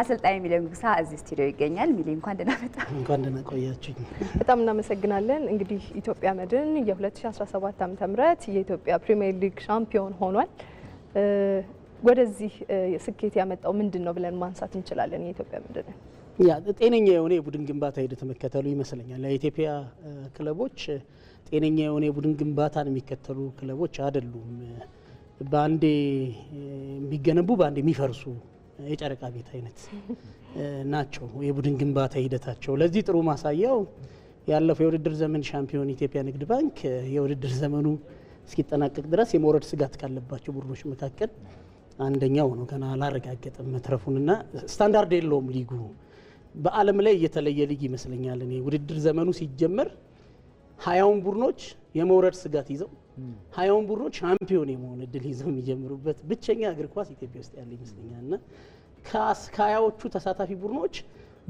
አሰልጣኝ ሚሊዮን ጉግሳ እዚህ ስቱዲዮ ይገኛል። ሚሊ እንኳን ደህና መጣ። እንኳን ደህና ቆያችሁኝ። በጣም እናመሰግናለን። እንግዲህ ኢትዮጵያ መድን የ2017 ዓ ም የኢትዮጵያ ፕሪሚየር ሊግ ሻምፒዮን ሆኗል። ወደዚህ ስኬት ያመጣው ምንድን ነው ብለን ማንሳት እንችላለን? የኢትዮጵያ መድን ጤነኛ የሆነ የቡድን ግንባታ ሂደት መከተሉ ይመስለኛል። ለኢትዮጵያ ክለቦች ጤነኛ የሆነ የቡድን ግንባታን የሚከተሉ ክለቦች አይደሉም። በአንዴ የሚገነቡ በአንዴ የሚፈርሱ የጨረቃ ቤት አይነት ናቸው የቡድን ግንባታ ሂደታቸው። ለዚህ ጥሩ ማሳያው ያለፈው የውድድር ዘመን ሻምፒዮን ኢትዮጵያ ንግድ ባንክ የውድድር ዘመኑ እስኪጠናቀቅ ድረስ የመውረድ ስጋት ካለባቸው ቡድኖች መካከል አንደኛው ነው። ገና አላረጋገጠም መትረፉንና ስታንዳርድ የለውም ሊጉ። በዓለም ላይ እየተለየ ሊግ ይመስለኛል እኔ ውድድር ዘመኑ ሲጀመር ሀያውን ቡድኖች የመውረድ ስጋት ይዘው ሀያውን ቡድኖች ሻምፒዮን የመሆን እድል ይዘው የሚጀምሩበት ብቸኛ እግር ኳስ ኢትዮጵያ ውስጥ ያለ ይመስለኛል እና ከሀያዎቹ ተሳታፊ ቡድኖች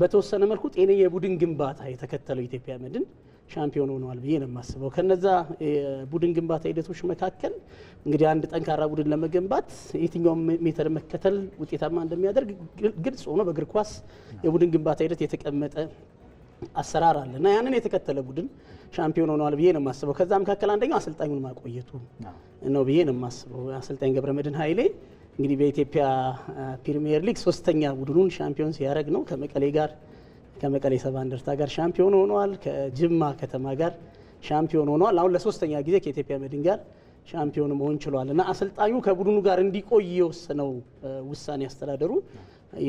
በተወሰነ መልኩ ጤነ የቡድን ግንባታ የተከተለው ኢትዮጵያ መድን ሻምፒዮን ሆነዋል ብዬ ነው የማስበው። ከነዛ የቡድን ግንባታ ሂደቶች መካከል እንግዲህ አንድ ጠንካራ ቡድን ለመገንባት የትኛውም ሜተር መከተል ውጤታማ እንደሚያደርግ ግልጽ ሆኖ በእግር ኳስ የቡድን ግንባታ ሂደት የተቀመጠ አሰራር አለ እና ያንን የተከተለ ቡድን ሻምፒዮን ሆነዋል ብዬ ነው የማስበው። ከዛ መካከል አንደኛው አሰልጣኙን ማቆየቱ ነው ብዬ ነው የማስበው። አሰልጣኝ ገብረመድህን ኃይሌ እንግዲህ በኢትዮጵያ ፕሪሚየር ሊግ ሶስተኛ ቡድኑን ሻምፒዮን ሲያደርግ ነው ከመቀሌ ጋር ከመቀሌ ሰባ እንደርታ ጋር ሻምፒዮን ሆነዋል። ከጅማ ከተማ ጋር ሻምፒዮን ሆነዋል። አሁን ለሶስተኛ ጊዜ ከኢትዮጵያ መድን ጋር ሻምፒዮን መሆን ችሏል እና አሰልጣኙ ከቡድኑ ጋር እንዲቆይ የወሰነው ውሳኔ አስተዳደሩ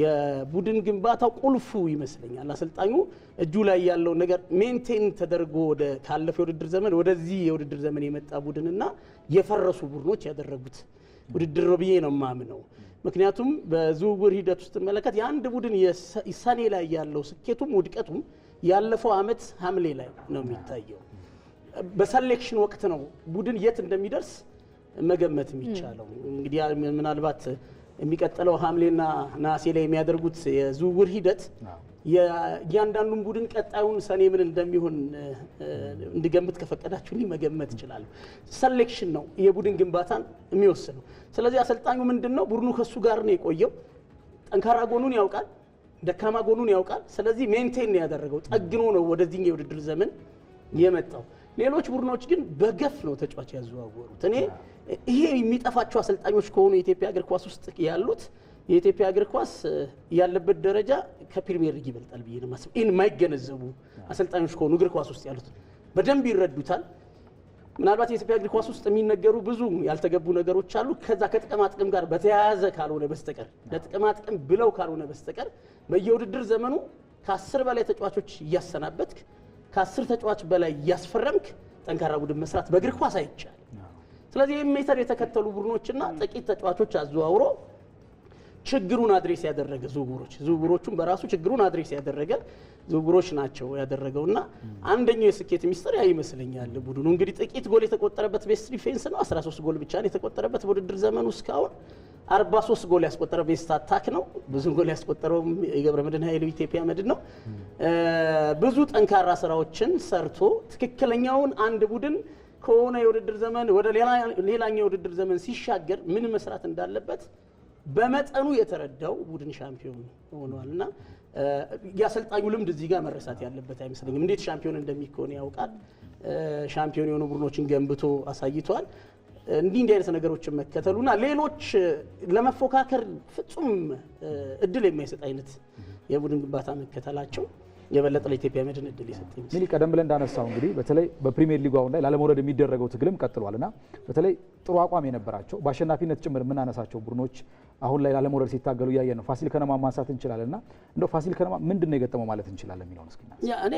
የቡድን ግንባታው ቁልፉ ይመስለኛል። አሰልጣኙ እጁ ላይ ያለው ነገር ሜንቴን ተደርጎ ወደ ካለፈው የውድድር ዘመን ወደዚህ የውድድር ዘመን የመጣ ቡድንና የፈረሱ ቡድኖች ያደረጉት ውድድር ነው ብዬ ነው የማምነው። ምክንያቱም በዝውውር ሂደት ውስጥ መለከት የአንድ ቡድን ሰኔ ላይ ያለው ስኬቱም ውድቀቱም ያለፈው አመት ሐምሌ ላይ ነው የሚታየው። በሰሌክሽን ወቅት ነው ቡድን የት እንደሚደርስ መገመት የሚቻለው። እንግዲህ ምናልባት የሚቀጥለው ሐምሌና ነሐሴ ላይ የሚያደርጉት የዝውውር ሂደት እያንዳንዱን ቡድን ቀጣዩን ሰኔ ምን እንደሚሆን እንድገምት ከፈቀዳችሁ መገመት እችላለሁ። ሰሌክሽን ነው የቡድን ግንባታን የሚወስነው። ስለዚህ አሰልጣኙ ምንድን ነው ቡድኑ ከሱ ጋር ነው የቆየው። ጠንካራ ጎኑን ያውቃል፣ ደካማ ጎኑን ያውቃል። ስለዚህ ሜንቴን ነው ያደረገው፣ ጠግኖ ነው ወደዚህ የውድድር ዘመን የመጣው። ሌሎች ቡድኖች ግን በገፍ ነው ተጫዋች ያዘዋወሩት እኔ ይሄ የሚጠፋቸው አሰልጣኞች ከሆኑ የኢትዮጵያ እግር ኳስ ውስጥ ያሉት የኢትዮጵያ እግር ኳስ ያለበት ደረጃ ከፕሪሚየር ሊግ ይበልጣል ብዬ ነው ማስብ። ይህን የማይገነዘቡ አሰልጣኞች ከሆኑ እግር ኳስ ውስጥ ያሉት በደንብ ይረዱታል። ምናልባት የኢትዮጵያ እግር ኳስ ውስጥ የሚነገሩ ብዙ ያልተገቡ ነገሮች አሉ። ከዛ ከጥቅማ ጥቅም ጋር በተያያዘ ካልሆነ በስተቀር ለጥቅማ ጥቅም ብለው ካልሆነ በስተቀር በየውድድር ዘመኑ ከአስር በላይ ተጫዋቾች እያሰናበትክ ከአስር ተጫዋች በላይ እያስፈረምክ ጠንካራ ቡድን መስራት በእግር ኳስ አይቻል ስለዚህ ይህም ሜተድ የተከተሉ ቡድኖችና ጥቂት ተጫዋቾች አዘዋውሮ ችግሩን አድሬስ ያደረገ ዝውውሮች ዝውውሮቹን በራሱ ችግሩን አድሬስ ያደረገ ዝውውሮች ናቸው ያደረገው እና አንደኛው የስኬት ሚስጥር ያ ይመስለኛል። ቡድኑ እንግዲህ ጥቂት ጎል የተቆጠረበት ቤስት ዲፌንስ ነው። 13 ጎል ብቻ ነው የተቆጠረበት በውድድር ዘመኑ እስካሁን 43 ጎል ያስቆጠረ ቤስት አታክ ነው። ብዙ ጎል ያስቆጠረውም የገብረ መድን ኃይሉ ኢትዮጵያ መድን ነው። ብዙ ጠንካራ ስራዎችን ሰርቶ ትክክለኛውን አንድ ቡድን ከሆነ የውድድር ዘመን ወደ ሌላኛው የውድድር ዘመን ሲሻገር ምን መስራት እንዳለበት በመጠኑ የተረዳው ቡድን ሻምፒዮን ሆኗል እና የአሰልጣኙ ልምድ እዚህ ጋር መረሳት ያለበት አይመስለኝም። እንዴት ሻምፒዮን እንደሚከሆን ያውቃል። ሻምፒዮን የሆኑ ቡድኖችን ገንብቶ አሳይቷል። እንዲህ እንዲህ አይነት ነገሮችን መከተሉና ሌሎች ለመፎካከር ፍጹም እድል የማይሰጥ አይነት የቡድን ግንባታ መከተላቸው የበለጠ ለኢትዮጵያ መድን እድል ይሰጥ ሚል ቀደም ብለን እንዳነሳው እንግዲህ በተለይ በፕሪሚየር ሊጉ አሁን ላይ ላለመውረድ የሚደረገው ትግልም ቀጥሏል እና በተለይ ጥሩ አቋም የነበራቸው በአሸናፊነት ጭምር የምናነሳቸው ቡድኖች አሁን ላይ ላለመውረድ ሲታገሉ እያየ ነው። ፋሲል ከነማ ማንሳት እንችላለን እና እንደው ፋሲል ከነማ ምንድን ነው የገጠመው ማለት እንችላለን የሚለውን እስኪ እኔ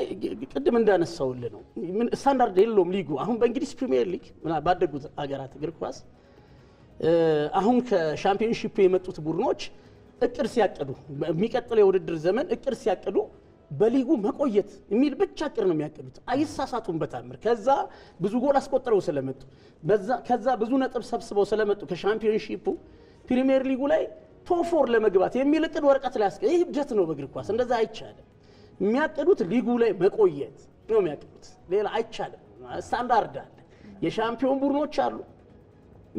ቅድም እንዳነሳውል ነው ስታንዳርድ የለውም ሊጉ አሁን በእንግሊዝ ፕሪሚየር ሊግ ባደጉት ሀገራት እግር ኳስ አሁን ከሻምፒዮንሺፕ የመጡት ቡድኖች እቅድ ሲያቅዱ የሚቀጥለው የውድድር ዘመን እቅድ ሲያቅዱ በሊጉ መቆየት የሚል ብቻ ቅር ነው የሚያቅዱት። አይሳሳቱም በታምር። ከዛ ብዙ ጎል አስቆጥረው ስለመጡ ከዛ ብዙ ነጥብ ሰብስበው ስለመጡ ከሻምፒዮንሺፑ ፕሪሚየር ሊጉ ላይ ቶፎር ለመግባት የሚል እቅድ ወረቀት ላይ ያስቀ ይህ እብደት ነው በእግር ኳስ እንደዛ አይቻልም። የሚያቀዱት ሊጉ ላይ መቆየት ነው የሚያቀዱት። ሌላ አይቻልም። ስታንዳርድ አለ። የሻምፒዮን ቡድኖች አሉ።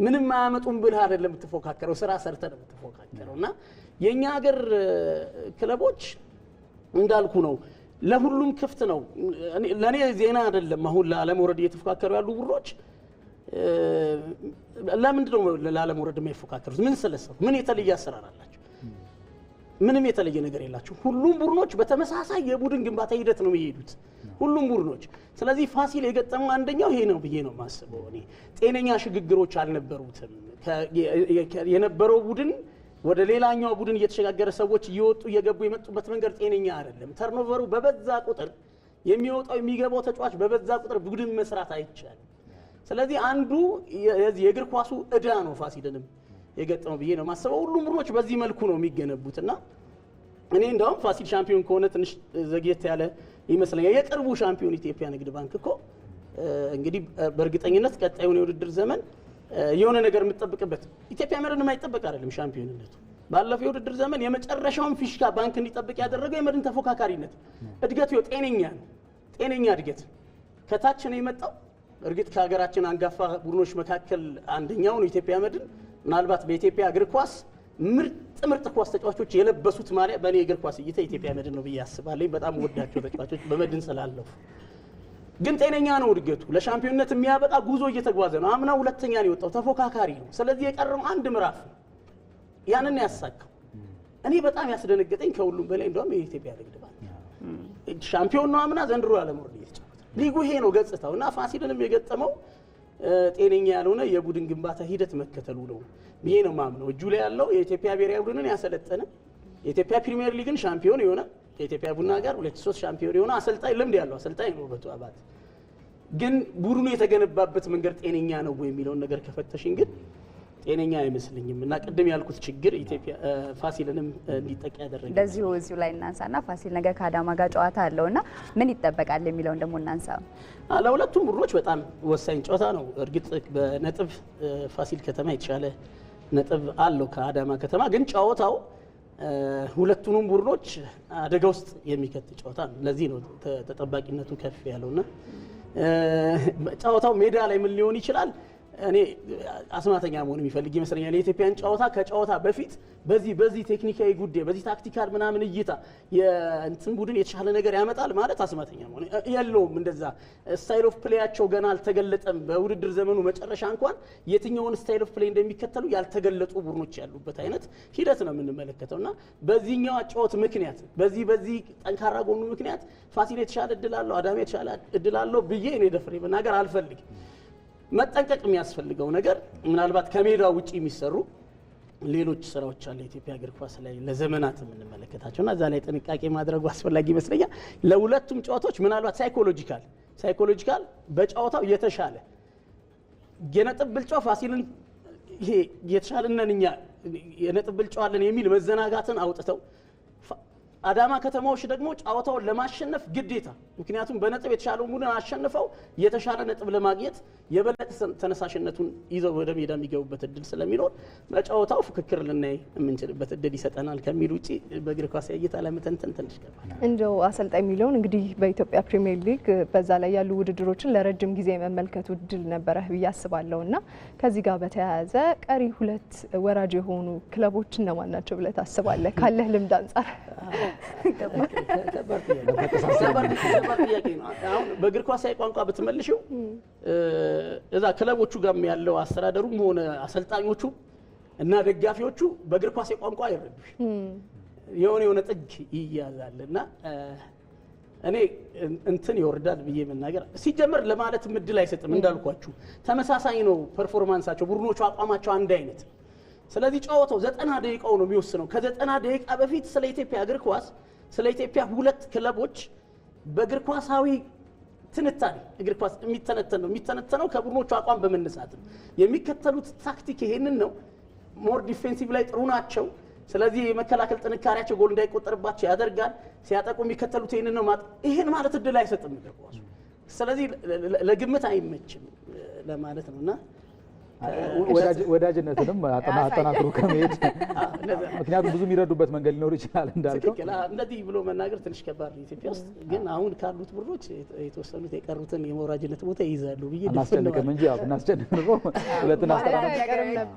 ምንም አያመጡም ብልህ አይደለም የምትፎካከረው፣ ስራ ሰርተ ነው የምትፎካከረው እና የእኛ ሀገር ክለቦች እንዳልኩ ነው። ለሁሉም ክፍት ነው። ለእኔ ዜና አይደለም። አሁን ወረድ እየተፎካከሩ ያሉ ቡድኖች ለምንድን ነው ወረድ የማይፎካከሩት? ምን ስለሰሩ? ምን የተለየ አሰራር አላቸው? ምንም የተለየ ነገር የላቸው። ሁሉም ቡድኖች በተመሳሳይ የቡድን ግንባታ ሂደት ነው የሚሄዱት፣ ሁሉም ቡድኖች። ስለዚህ ፋሲል የገጠመው አንደኛው ይሄ ነው ብዬ ነው የማስበው እኔ። ጤነኛ ሽግግሮች አልነበሩትም። የነበረው ቡድን ወደ ሌላኛው ቡድን እየተሸጋገረ ሰዎች እየወጡ እየገቡ የመጡበት መንገድ ጤነኛ አይደለም። ተርኖቨሩ በበዛ ቁጥር የሚወጣው የሚገባው ተጫዋች በበዛ ቁጥር ቡድን መስራት አይቻልም። ስለዚህ አንዱ የእግር ኳሱ እዳ ነው ፋሲልንም የገጠመው ብዬ ነው ማሰበው። ሁሉም ቡድኖች በዚህ መልኩ ነው የሚገነቡት እና እኔ እንደውም ፋሲል ሻምፒዮን ከሆነ ትንሽ ዘግየት ያለ ይመስለኛል። የቅርቡ ሻምፒዮን ኢትዮጵያ ንግድ ባንክ እኮ እንግዲህ በእርግጠኝነት ቀጣዩን የውድድር ዘመን የሆነ ነገር የምትጠብቅበት ኢትዮጵያ መድን የማይጠበቅ አይደለም ሻምፒዮንነቱ። ባለፈው የውድድር ዘመን የመጨረሻውን ፊሽካ ባንክ እንዲጠብቅ ያደረገው የመድን ተፎካካሪነት እድገቱ ጤነኛ ነው። ጤነኛ እድገት ከታች ነው የመጣው። እርግጥ ከሀገራችን አንጋፋ ቡድኖች መካከል አንደኛው ነው ኢትዮጵያ መድን። ምናልባት በኢትዮጵያ እግር ኳስ ምርጥ ምርጥ ኳስ ተጫዋቾች የለበሱት ማሊያ በእኔ እግር ኳስ እይታ ኢትዮጵያ መድን ነው ብዬ አስባለኝ። በጣም ወዳቸው ተጫዋቾች በመድን ስላለሁ ግን ጤነኛ ነው እድገቱ። ለሻምፒዮንነት የሚያበቃ ጉዞ እየተጓዘ ነው። አምና ሁለተኛ ነው የወጣው፣ ተፎካካሪ ነው። ስለዚህ የቀረው አንድ ምዕራፍ ነው። ያንን ያሳካው እኔ በጣም ያስደነገጠኝ ከሁሉም በላይ እንደውም የኢትዮጵያ ንግድ ባንክ ሻምፒዮን ነው አምና፣ ዘንድሮ ያለመውረድ እየተጫወተ ሊጉ ይሄ ነው ገጽታው እና ፋሲልንም የገጠመው ጤነኛ ያልሆነ የቡድን ግንባታ ሂደት መከተሉ ነው ይሄ ነው ማምነው። እጁ ላይ ያለው የኢትዮጵያ ብሔራዊ ቡድንን ያሰለጠነ የኢትዮጵያ ፕሪሚየር ሊግን ሻምፒዮን የሆነ ከኢትዮጵያ ቡና ጋር ሁለት ሶስት ሻምፒዮን የሆነ አሰልጣኝ ልምድ ያለው አሰልጣኝ ነው ውበቱ አባት። ግን ቡድኑ የተገነባበት መንገድ ጤነኛ ነው ወይ የሚለውን ነገር ከፈተሽን ግን ጤነኛ አይመስልኝም እና ቅድም ያልኩት ችግር ኢትዮጵያ ፋሲልንም እንዲጠቃ ያደረገ በዚሁ እዚሁ ላይ እናንሳና ፋሲል ነገ ከአዳማ ጋር ጨዋታ አለው እና ምን ይጠበቃል የሚለውን ደግሞ እናንሳ። ለሁለቱም ቡድኖች በጣም ወሳኝ ጨዋታ ነው። እርግጥ በነጥብ ፋሲል ከተማ የተሻለ ነጥብ አለው ከአዳማ ከተማ ግን ጨዋታው ሁለቱንም ቡድኖች አደጋ ውስጥ የሚከት ጨዋታ ነው። ለዚህ ነው ተጠባቂነቱ ከፍ ያለውና ጨዋታው ሜዳ ላይ ምን ሊሆን ይችላል እኔ አስማተኛ መሆን የሚፈልግ ይመስለኛል። የኢትዮጵያን ጨዋታ ከጨዋታ በፊት በዚህ በዚህ ቴክኒካዊ ጉዳይ በዚህ ታክቲካል ምናምን እይታ የእንትን ቡድን የተሻለ ነገር ያመጣል ማለት አስማተኛ መሆን የለውም። እንደዛ ስታይል ኦፍ ፕሌያቸው ገና አልተገለጠም። በውድድር ዘመኑ መጨረሻ እንኳን የትኛውን ስታይል ኦፍ ፕሌይ እንደሚከተሉ ያልተገለጡ ቡድኖች ያሉበት አይነት ሂደት ነው የምንመለከተው እና በዚህኛው ጨዋት ምክንያት በዚህ በዚህ ጠንካራ ጎኑ ምክንያት ፋሲል የተሻለ እድላለሁ፣ አዳሜ አዳማ የተሻለ እድል አለው ብዬ እኔ ደፍሬ መናገር አልፈልግም። መጠንቀቅ የሚያስፈልገው ነገር ምናልባት ከሜዳ ውጭ የሚሰሩ ሌሎች ስራዎች አሉ የኢትዮጵያ እግር ኳስ ላይ ለዘመናት የምንመለከታቸው እና እዛ ላይ ጥንቃቄ ማድረጉ አስፈላጊ ይመስለኛል። ለሁለቱም ጨዋታዎች ምናልባት ሳይኮሎጂካል ሳይኮሎጂካል በጨዋታው የተሻለ የነጥብ ብልጫ ፋሲልን ይሄ የተሻልነን እኛ የነጥብ ብልጫዋለን የሚል መዘናጋትን አውጥተው አዳማ ከተማዎች ደግሞ ጨዋታውን ለማሸነፍ ግዴታ ምክንያቱም በነጥብ የተሻለውን ቡድን አሸንፈው የተሻለ ነጥብ ለማግኘት የበለጠ ተነሳሽነቱን ይዘው ወደ ሜዳ የሚገቡበት እድል ስለሚኖር በጨዋታው ፍክክር ልናይ የምንችልበት እድል ይሰጠናል ከሚል ውጭ በእግር ኳስ እይታ ላይ ትንሽ ገባል። እንደው አሰልጣኝ የሚለውን እንግዲህ በኢትዮጵያ ፕሪሚየር ሊግ በዛ ላይ ያሉ ውድድሮችን ለረጅም ጊዜ መመልከቱ እድል ነበረ ብዬ አስባለሁ እና ከዚህ ጋር በተያያዘ ቀሪ ሁለት ወራጅ የሆኑ ክለቦች እነማን ናቸው ብለህ ታስባለህ ካለህ ልምድ አንጻር? ጥያቄ ነው። አሁን በእግር ኳስ ቋንቋ ብትመልሽው እዛ ክለቦቹ ጋር ያለው አስተዳደሩም ሆነ አሰልጣኞቹ እና ደጋፊዎቹ በእግር ኳስ ቋንቋ አይረዱሽ የሆነ የሆነ ጥግ ይያዛል እና እኔ እንትን ይወርዳል ብዬ መናገር ሲጀመር ለማለትም እድል አይሰጥም። እንዳልኳችሁ ተመሳሳይ ነው ፐርፎርማንሳቸው፣ ቡድኖቹ አቋማቸው አንድ አይነት ስለዚህ ጨዋታው ዘጠና ደቂቃው ነው የሚወስነው። ከዘጠና ደቂቃ በፊት ስለ ኢትዮጵያ እግር ኳስ ስለ ኢትዮጵያ ሁለት ክለቦች በእግር ኳሳዊ ትንታኔ እግር ኳስ የሚተነተን ነው። የሚተነተነው ከቡድኖቹ አቋም በመነሳት ነው። የሚከተሉት ታክቲክ ይሄንን ነው። ሞር ዲፌንሲቭ ላይ ጥሩ ናቸው። ስለዚህ የመከላከል ጥንካሬያቸው ጎል እንዳይቆጠርባቸው ያደርጋል። ሲያጠቁ የሚከተሉት ይህንን ነው። ይህን ማለት እድል አይሰጥም እግር ኳሱ። ስለዚህ ለግምት አይመችም ለማለት ነው እና ወዳጅነትንም አጠናክሮ ከመሄድ ምክንያቱም ብዙ የሚረዱበት መንገድ ሊኖር ይችላል። እንዳልከው እንደዚህ ብሎ መናገር ትንሽ ከባድ ነው። ኢትዮጵያ ውስጥ ግን አሁን ካሉት ብሮች የተወሰኑት የቀሩትን የመወራጅነት ቦታ ይይዛሉ ብዬ እናስጨንቅም እንጂ እናስጨንቅ ሁለትን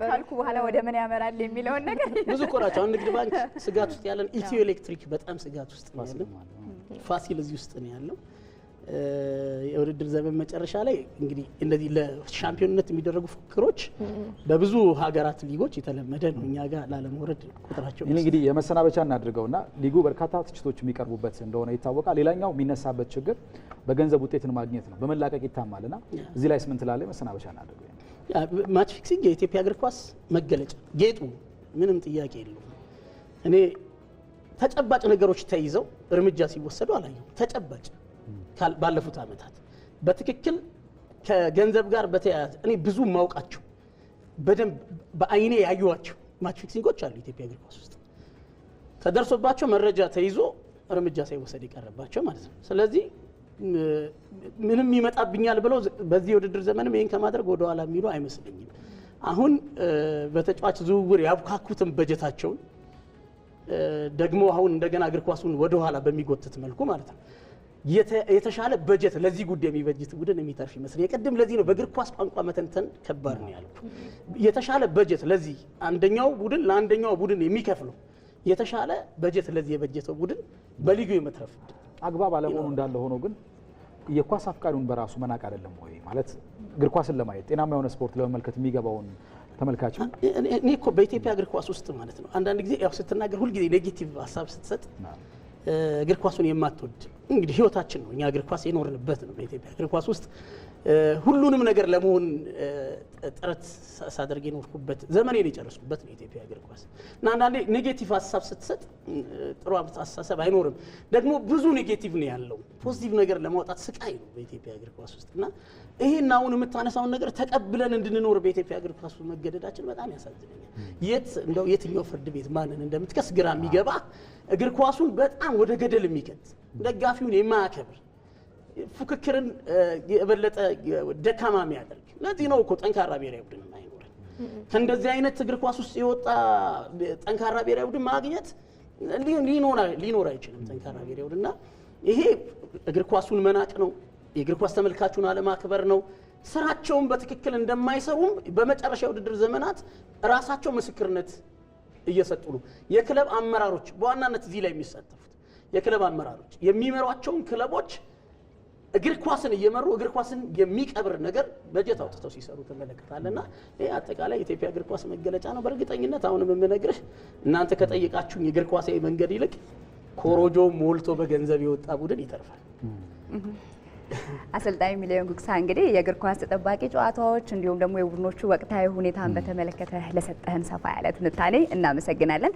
ካልኩ በኋላ ወደ ምን ያመራል የሚለውን ነገር ብዙ እኮ ናቸው። አሁን ንግድ ባንክ ስጋት ውስጥ ያለን ኢትዮ ኤሌክትሪክ በጣም ስጋት ውስጥ ነው ያለው። ፋሲል እዚህ ውስጥ ነው ያለው። የውድድር ዘመን መጨረሻ ላይ እንግዲህ እንደዚህ ለሻምፒዮንነት የሚደረጉ ፉክክሮች በብዙ ሀገራት ሊጎች የተለመደ ነው። እኛ ጋር ላለመውረድ ቁጥራቸው ይህ እንግዲህ የመሰናበቻ እናድርገውና ሊጉ በርካታ ትችቶች የሚቀርቡበት እንደሆነ ይታወቃል። ሌላኛው የሚነሳበት ችግር በገንዘብ ውጤትን ማግኘት ነው፣ በመላቀቅ ና እዚህ ላይ ስምንት ላለ መሰናበቻ እናድርገው። ማች ፊክሲንግ የኢትዮጵያ እግር ኳስ መገለጫ ጌጡ ምንም ጥያቄ የለውም። እኔ ተጨባጭ ነገሮች ተይዘው እርምጃ ሲወሰዱ አላየሁም። ተጨባጭ ባለፉት ዓመታት በትክክል ከገንዘብ ጋር በተያያዘ እኔ ብዙ ማውቃቸው በደንብ በአይኔ ያዩዋቸው ማች ፊክሲንጎች አሉ ኢትዮጵያ እግር ኳስ ውስጥ ተደርሶባቸው መረጃ ተይዞ እርምጃ ሳይወሰድ የቀረባቸው ማለት ነው። ስለዚህ ምንም ይመጣብኛል ብለው በዚህ የውድድር ዘመንም ይህን ከማድረግ ወደኋላ የሚሉ አይመስለኝም። አሁን በተጫዋች ዝውውር ያብካኩትን በጀታቸውን ደግሞ አሁን እንደገና እግር ኳሱን ወደኋላ በሚጎትት መልኩ ማለት ነው የተሻለ በጀት ለዚህ ጉዳይ የሚበጅት ቡድን የሚተርፍ ይመስለኛል። ቅድም ለዚህ ነው በእግር ኳስ ቋንቋ መተንተን ከባድ ነው ያልኩ። የተሻለ በጀት ለዚህ አንደኛው ቡድን ለአንደኛው ቡድን የሚከፍለው የተሻለ በጀት ለዚህ የበጀተው ቡድን በሊጉ የመትረፍ አግባብ አለመሆኑ እንዳለ ሆኖ ግን የኳስ አፍቃሪውን በራሱ መናቅ አይደለም ወይ ማለት እግር ኳስን ለማየት ጤናማ የሆነ ስፖርት ለመመልከት የሚገባውን ተመልካች እኔ እኮ በኢትዮጵያ እግር ኳስ ውስጥ ማለት ነው አንዳንድ ጊዜ ያው ስትናገር ሁልጊዜ ኔጌቲቭ ሀሳብ ስትሰጥ እግር ኳሱን የማትወድ እንግዲህ ህይወታችን ነው። እኛ እግር ኳስ የኖርንበት ነው። በኢትዮጵያ እግር ኳስ ውስጥ ሁሉንም ነገር ለመሆን ጥረት ሳደርግ የኖርኩበት ዘመኔን የጨረስኩበት ነው የኢትዮጵያ እግር ኳስ እና አንዳንዴ ኔጌቲቭ ሀሳብ ስትሰጥ ጥሩ አስተሳሰብ አይኖርም። ደግሞ ብዙ ኔጌቲቭ ነው ያለው። ፖዚቲቭ ነገር ለማውጣት ስቃይ ነው በኢትዮጵያ እግር ኳስ ውስጥ እና ይሄን አሁን የምታነሳውን ነገር ተቀብለን እንድንኖር በኢትዮጵያ እግር ኳስ መገደዳችን በጣም ያሳዝነኛል። የት እንደው የትኛው ፍርድ ቤት ማንን እንደምትከስ ግራ የሚገባ እግር ኳሱን በጣም ወደ ገደል የሚከት ደጋፊውን የማያከብር ፉክክርን የበለጠ ደካማ የሚያደርግ ለዚህ ነው እኮ ጠንካራ ብሔራዊ ቡድን አይኖረን። ከእንደዚህ አይነት እግር ኳስ ውስጥ የወጣ ጠንካራ ብሔራዊ ቡድን ማግኘት ሊኖር አይችልም። ጠንካራ ብሔራዊ ቡድንና ይሄ እግር ኳሱን መናቅ ነው፣ የእግር ኳስ ተመልካቹን አለማክበር ነው። ስራቸውን በትክክል እንደማይሰሩም በመጨረሻ የውድድር ዘመናት ራሳቸው ምስክርነት እየሰጡ ነው። የክለብ አመራሮች በዋናነት እዚህ ላይ የሚሳተፉት የክለብ አመራሮች የሚመሯቸውን ክለቦች እግር ኳስን እየመሩ እግር ኳስን የሚቀብር ነገር በጀት አውጥተው ሲሰሩ ትመለከታለና ይህ አጠቃላይ የኢትዮጵያ እግር ኳስ መገለጫ ነው። በእርግጠኝነት አሁንም የምነግርህ እናንተ ከጠየቃችሁኝ የእግር ኳሳዊ መንገድ ይልቅ ኮሮጆ ሞልቶ በገንዘብ የወጣ ቡድን ይተርፋል። አሰልጣኝ ሚሊዮን ጉግሳ እንግዲህ የእግር ኳስ ተጠባቂ ጨዋታዎች እንዲሁም ደግሞ የቡድኖቹ ወቅታዊ ሁኔታን በተመለከተ ለሰጠህን ሰፋ ያለ ትንታኔ እናመሰግናለን።